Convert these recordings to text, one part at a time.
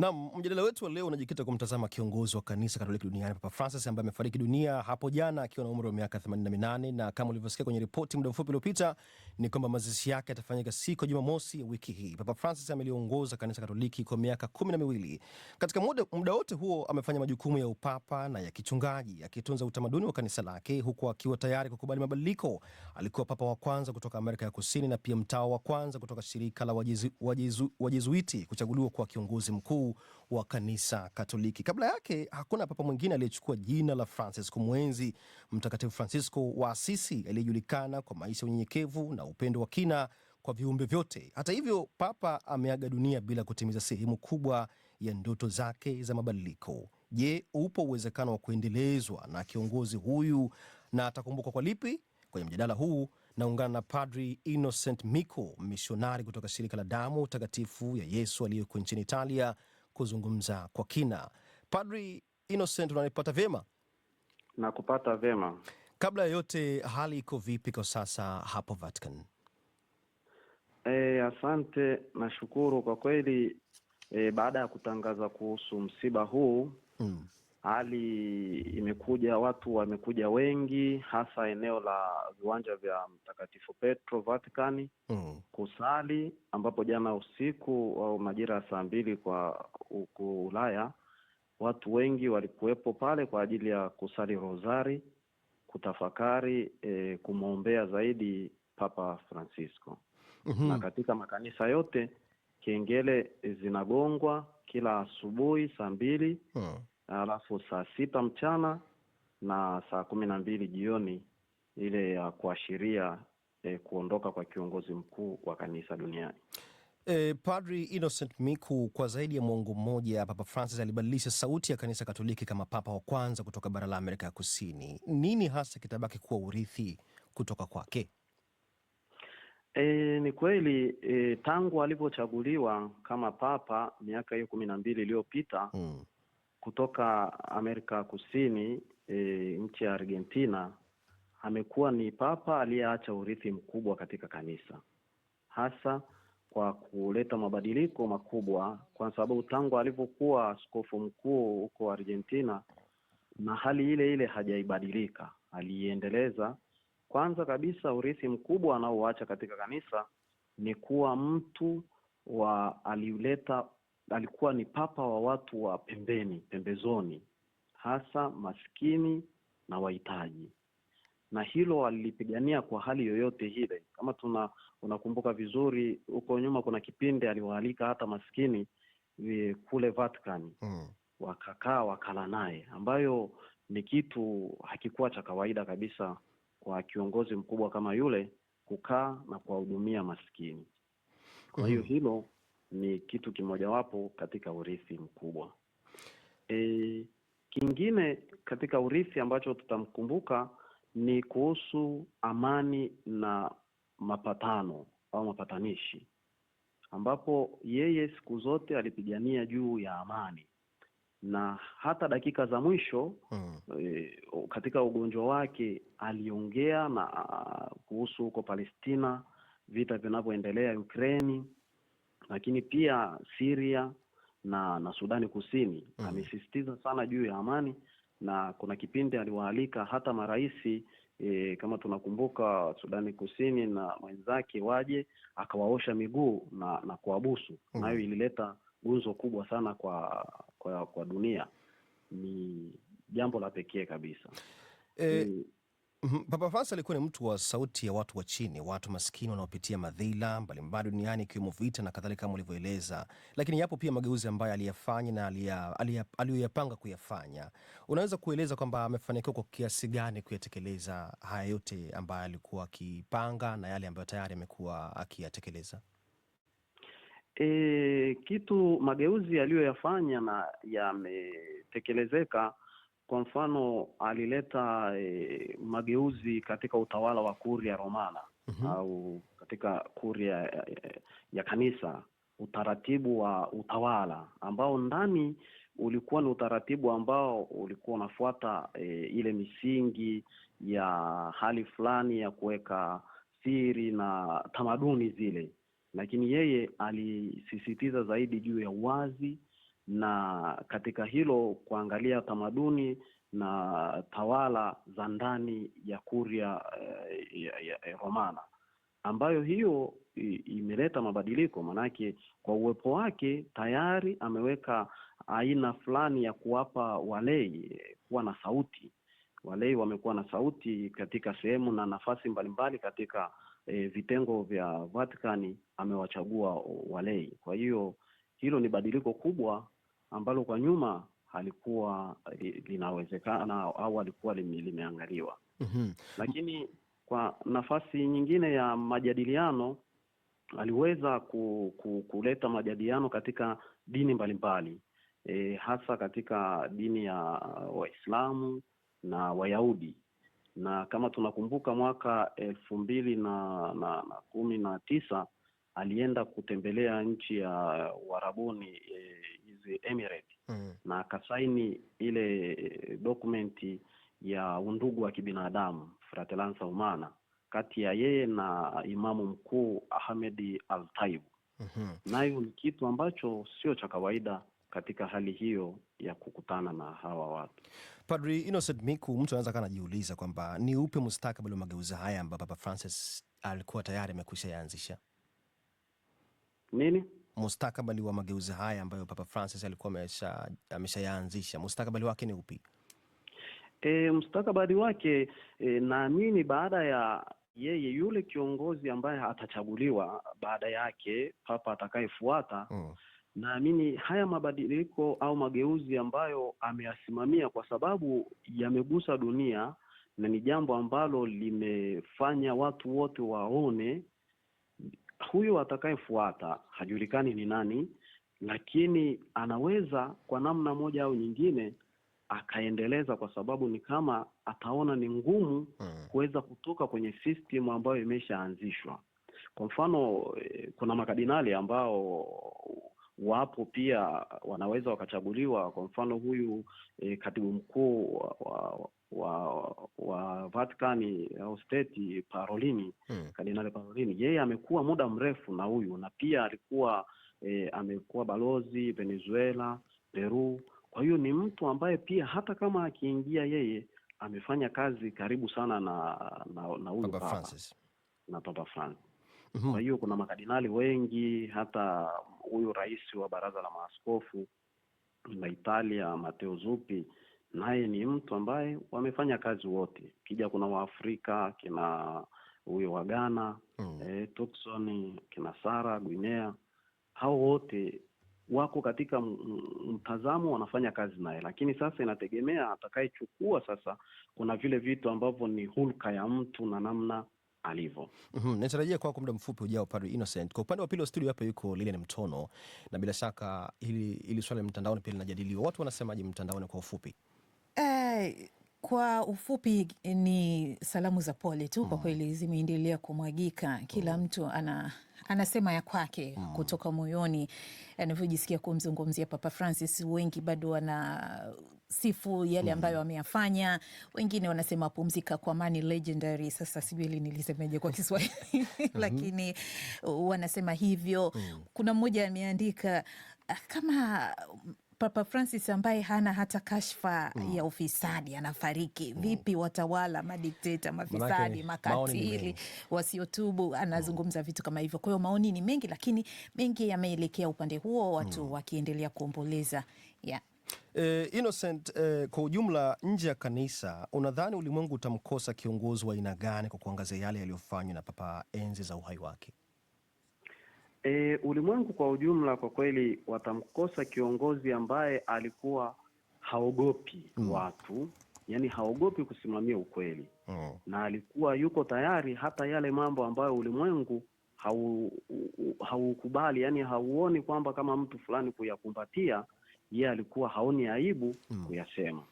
Naam, mjadala wetu wa leo unajikita kumtazama kiongozi wa kanisa Katoliki duniani Papa Francis ambaye amefariki dunia hapo jana akiwa na umri wa miaka 88, na kama ulivyosikia kwenye ripoti muda mfupi uliopita ni kwamba mazishi yake yatafanyika siku ya Jumamosi wiki hii. Papa Francis ameliongoza kanisa Katoliki kwa miaka kumi na miwili. Katika muda wote huo amefanya majukumu ya upapa na ya kichungaji, akitunza utamaduni wa kanisa lake huku akiwa tayari kukubali mabadiliko. Alikuwa papa wa kwanza kutoka Amerika ya Kusini na pia mtawa wa kwanza kutoka shirika la Wajezuiti kuchaguliwa kuwa kiongozi mkuu mkuu wa kanisa Katoliki. Kabla yake hakuna papa mwingine aliyechukua jina la Francis kumwenzi Mtakatifu Francisco wa Asisi, aliyejulikana kwa maisha ya unyenyekevu na upendo wa kina kwa viumbe vyote. Hata hivyo, papa ameaga dunia bila kutimiza sehemu kubwa ya ndoto zake za mabadiliko. Je, upo uwezekano wa kuendelezwa na kiongozi huyu na atakumbukwa kwa lipi? Kwenye mjadala huu naungana na Padri Innocent Miko, mishonari kutoka shirika la damu takatifu ya Yesu aliyoko nchini Italia, kuzungumza kwa kina. Padri Innocent, unanipata vyema? Nakupata vyema. Kabla ya yote, hali iko vipi kwa sasa hapo Vatican? E, asante nashukuru kwa kweli. E, baada ya kutangaza kuhusu msiba huu mm hali imekuja, watu wamekuja wengi, hasa eneo la viwanja vya Mtakatifu Petro Vaticani mm. kusali, ambapo jana usiku au majira ya saa mbili kwa huku Ulaya watu wengi walikuwepo pale kwa ajili ya kusali rosari, kutafakari, e, kumwombea zaidi Papa Francisco mm -hmm. na katika makanisa yote kengele zinagongwa kila asubuhi saa mbili mm alafu saa sita mchana na saa kumi na mbili jioni ile ya kuashiria e, kuondoka kwa kiongozi mkuu wa kanisa duniani. E, Padri Innocent Miku, kwa zaidi ya mwongo mmoja Papa Francis alibadilisha sauti ya kanisa Katoliki kama papa wa kwanza kutoka bara la Amerika ya Kusini. Nini hasa kitabaki kuwa urithi kutoka kwake? E, ni kweli e, tangu alivyochaguliwa kama papa miaka hiyo kumi na mbili iliyopita mm kutoka Amerika Kusini e, nchi ya Argentina amekuwa ni papa aliyeacha urithi mkubwa katika kanisa, hasa kwa kuleta mabadiliko makubwa, kwa sababu tangu alivyokuwa askofu mkuu huko Argentina na hali ile ile hajaibadilika, aliiendeleza. Kwanza kabisa urithi mkubwa anaoacha katika kanisa ni kuwa mtu wa aliuleta alikuwa ni papa wa watu wa pembeni, pembezoni, hasa maskini na wahitaji, na hilo alilipigania kwa hali yoyote ile. Kama tuna unakumbuka vizuri, huko nyuma kuna kipindi aliwaalika hata maskini e, kule Vatican mm. Wakakaa wakala naye, ambayo ni kitu hakikuwa cha kawaida kabisa kwa kiongozi mkubwa kama yule kukaa na kuwahudumia maskini. Kwa hiyo hmm. hilo ni kitu kimojawapo katika urithi mkubwa. E, kingine katika urithi ambacho tutamkumbuka ni kuhusu amani na mapatano au mapatanishi, ambapo yeye siku zote alipigania juu ya amani na hata dakika za mwisho hmm. E, katika ugonjwa wake aliongea na kuhusu huko Palestina, vita vinavyoendelea Ukraini lakini pia Syria na na Sudani Kusini mm Amesisitiza sana juu ya amani na kuna kipindi aliwaalika hata marais e, kama tunakumbuka Sudani Kusini na mwenzake waje akawaosha miguu na na kuabusu mm Nayo ilileta gunzo kubwa sana kwa kwa, kwa dunia. Ni jambo la pekee kabisa e... ni, Mhm. Papa Francis alikuwa ni mtu wa sauti ya watu wa chini, watu maskini wanaopitia madhila mbalimbali duniani ikiwemo vita na kadhalika kama ulivyoeleza, lakini yapo pia mageuzi ambayo aliyafanya na aliyoyapanga kuyafanya. Unaweza kueleza kwamba amefanikiwa kwa kiasi gani kuyatekeleza haya yote ambayo alikuwa akipanga na yale ambayo tayari amekuwa akiyatekeleza? E, kitu mageuzi aliyoyafanya na yametekelezeka kwa mfano alileta e, mageuzi katika utawala wa Kuria Romana mm -hmm. au katika Kuria ya, e, ya kanisa, utaratibu wa utawala ambao ndani ulikuwa ni utaratibu ambao ulikuwa unafuata e, ile misingi ya hali fulani ya kuweka siri na tamaduni zile, lakini yeye alisisitiza zaidi juu ya uwazi na katika hilo kuangalia tamaduni na tawala za ndani ya Kuria eh, ya, ya, ya Romana ambayo hiyo imeleta mabadiliko, manake kwa uwepo wake tayari ameweka aina fulani ya kuwapa walei eh, kuwa na sauti. Walei wamekuwa na sauti katika sehemu na nafasi mbalimbali katika e, vitengo vya Vatikani, amewachagua walei. Kwa hiyo hilo ni badiliko kubwa ambalo kwa nyuma halikuwa eh, linawezekana au halikuwa limeangaliwa. mm -hmm. Lakini kwa nafasi nyingine ya majadiliano aliweza ku, ku, kuleta majadiliano katika dini mbalimbali e, hasa katika dini ya Waislamu na Wayahudi na kama tunakumbuka mwaka elfu mbili na, na, na kumi na tisa alienda kutembelea nchi ya uharabuni e, eh, Emirates mm. na akasaini ile dokumenti ya undugu wa kibinadamu fratelanza umana kati ya yeye na imamu mkuu Ahmed al mm -hmm. nayo ni kitu ambacho sio cha kawaida katika hali hiyo ya kukutana na hawa watu. Padri Innocent Miku, mtu anaweza kana anajiuliza kwamba ni upe mustakabali wa mageuzi haya ambayo Papa Francis alikuwa tayari amekwisha yaanzisha nini mustakabali wa mageuzi haya ambayo Papa Francis alikuwa ameshayaanzisha mustakabali wake ni upi? E, mustakabali wake e, naamini baada ya yeye yule kiongozi ambaye atachaguliwa baada yake papa atakayefuata mm. Naamini haya mabadiliko au mageuzi ambayo ameyasimamia kwa sababu yamegusa dunia na ni jambo ambalo limefanya watu wote waone huyu atakayefuata hajulikani ni nani, lakini anaweza kwa namna moja au nyingine akaendeleza, kwa sababu ni kama ataona ni ngumu hmm, kuweza kutoka kwenye system ambayo imeshaanzishwa. Kwa mfano, eh, kuna makadinali ambao wapo pia wanaweza wakachaguliwa. Kwa mfano huyu e, katibu mkuu wa, wa, wa, wa Vatikani au state Parolini hmm. Kardinali Parolini yeye amekuwa muda mrefu na huyu na pia alikuwa e, amekuwa balozi Venezuela, Peru. Kwa hiyo ni mtu ambaye pia hata kama akiingia yeye amefanya kazi karibu sana na na huyu Papa Francis na Papa Francis kwa mm -hmm. hiyo kuna makadinali wengi, hata huyu rais wa baraza la maaskofu la Italia Matteo Zuppi naye ni mtu ambaye wamefanya kazi wote. Kija kuna Waafrika kina huyo wa Ghana mm. eh, Turkson kina Sara Guinea, hao wote wako katika mtazamo, wanafanya kazi naye, lakini sasa inategemea atakayechukua. Sasa kuna vile vitu ambavyo ni hulka ya mtu na namna alivyo. mm -hmm. Natarajia kwako muda mfupi ujao Padri Innocent. Kwa upande wa pili wa studio hapa yuko Lilian Mtono, na bila shaka hili, hili swala la mtandaoni pia linajadiliwa. Watu wanasemaje mtandaoni kwa ufupi? Hey. Eh, kwa ufupi ni salamu za pole tu kwa mm. Kweli zimeendelea kumwagika, kila mm. mtu ana anasema ya kwake mm. kutoka moyoni anavyojisikia kumzungumzia Papa Francis. Wengi bado wana sifu yale mhm. ambayo wameyafanya. Wengine wanasema pumzika kwa amani legendary. Sasa sijui nilisemeje kwa Kiswahili mhm. lakini uh, wanasema hivyo. Mm. Kuna mmoja ameandika ah, kama Papa Francis ambaye hana hata kashfa mm. ya ufisadi anafariki mm. vipi? Watawala, madikteta, mafisadi, makatili wasiotubu, anazungumza mm. vitu kama hivyo. Kwa hiyo maoni ni mengi, lakini mengi yameelekea upande huo, watu mm. wakiendelea kuomboleza yeah. E, Innocent, e, kwa ujumla nje ya kanisa unadhani ulimwengu utamkosa kiongozi wa aina gani kwa kuangazia yale yaliyofanywa na Papa enzi za uhai wake? E, ulimwengu kwa ujumla kwa kweli watamkosa kiongozi ambaye alikuwa haogopi mm. watu, yani haogopi kusimamia ukweli mm. na alikuwa yuko tayari hata yale mambo ambayo ulimwengu haukubali hau, yani hauoni kwamba kama mtu fulani kuyakumbatia yeye alikuwa haoni aibu mm. kuyasema.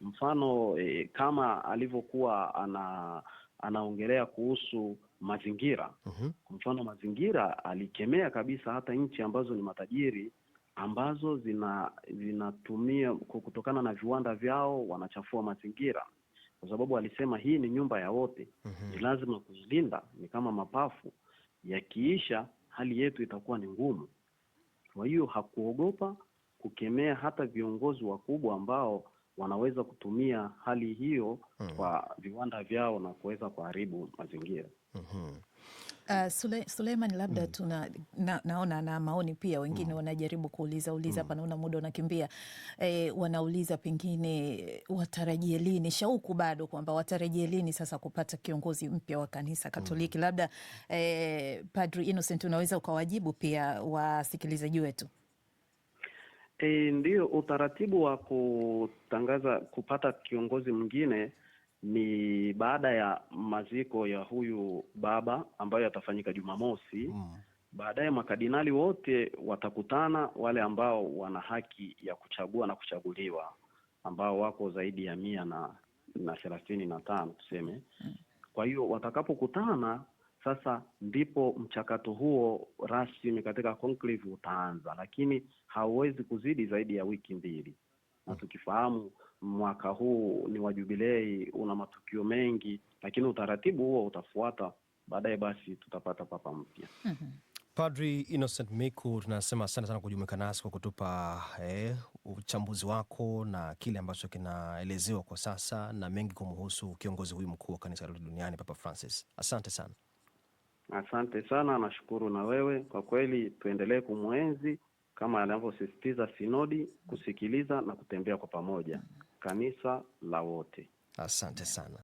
Mfano e, kama alivyokuwa ana anaongelea kuhusu mazingira mm-hmm. kwa huh mfano mazingira, alikemea kabisa hata nchi ambazo ni matajiri ambazo zina zinatumia kutokana na viwanda vyao wanachafua mazingira, kwa sababu alisema hii ni nyumba ya wote uh-huh. ni lazima kuilinda, ni kama mapafu yakiisha, hali yetu itakuwa ni ngumu. Kwa hiyo hakuogopa kukemea hata viongozi wakubwa ambao wanaweza kutumia hali hiyo mm. kwa viwanda vyao na kuweza kuharibu mazingira mm -hmm. Uh, Sule, Suleiman labda mm. tuna na, naona na maoni pia wengine mm. wanajaribu kuuliza uliza hmm. hapa mm. naona muda unakimbia. E, wanauliza pengine watarajie lini, shauku bado kwamba watarajie lini sasa kupata kiongozi mpya wa kanisa hmm. Katoliki mm. labda e, Padri Innocent unaweza ukawajibu pia wasikilizaji wetu. E, ndio utaratibu wa kutangaza kupata kiongozi mwingine ni baada ya maziko ya huyu baba ambayo yatafanyika Jumamosi. Mm. Baadaye makadinali wote watakutana, wale ambao wana haki ya kuchagua na kuchaguliwa ambao wako zaidi ya mia na na thelathini na tano tuseme. Mm. Kwa hiyo watakapokutana sasa ndipo mchakato huo rasmi katika conclave utaanza, lakini hauwezi kuzidi zaidi ya wiki mbili, na tukifahamu mwaka huu ni wa jubilei, una matukio mengi, lakini utaratibu huo utafuata baadaye, basi tutapata papa mpya. mm -hmm. Padri Innocent Miku, tunasema asante sana kujumuika nasi kwa kutupa eh, uchambuzi wako na kile ambacho kinaelezewa kwa sasa na mengi kumhusu kiongozi huyu mkuu wa kanisa lote duniani Papa Francis. Asante sana. Asante sana, nashukuru na wewe kwa kweli. Tuendelee kumwenzi kama anavyosisitiza sinodi, kusikiliza na kutembea kwa pamoja, kanisa la wote. Asante sana.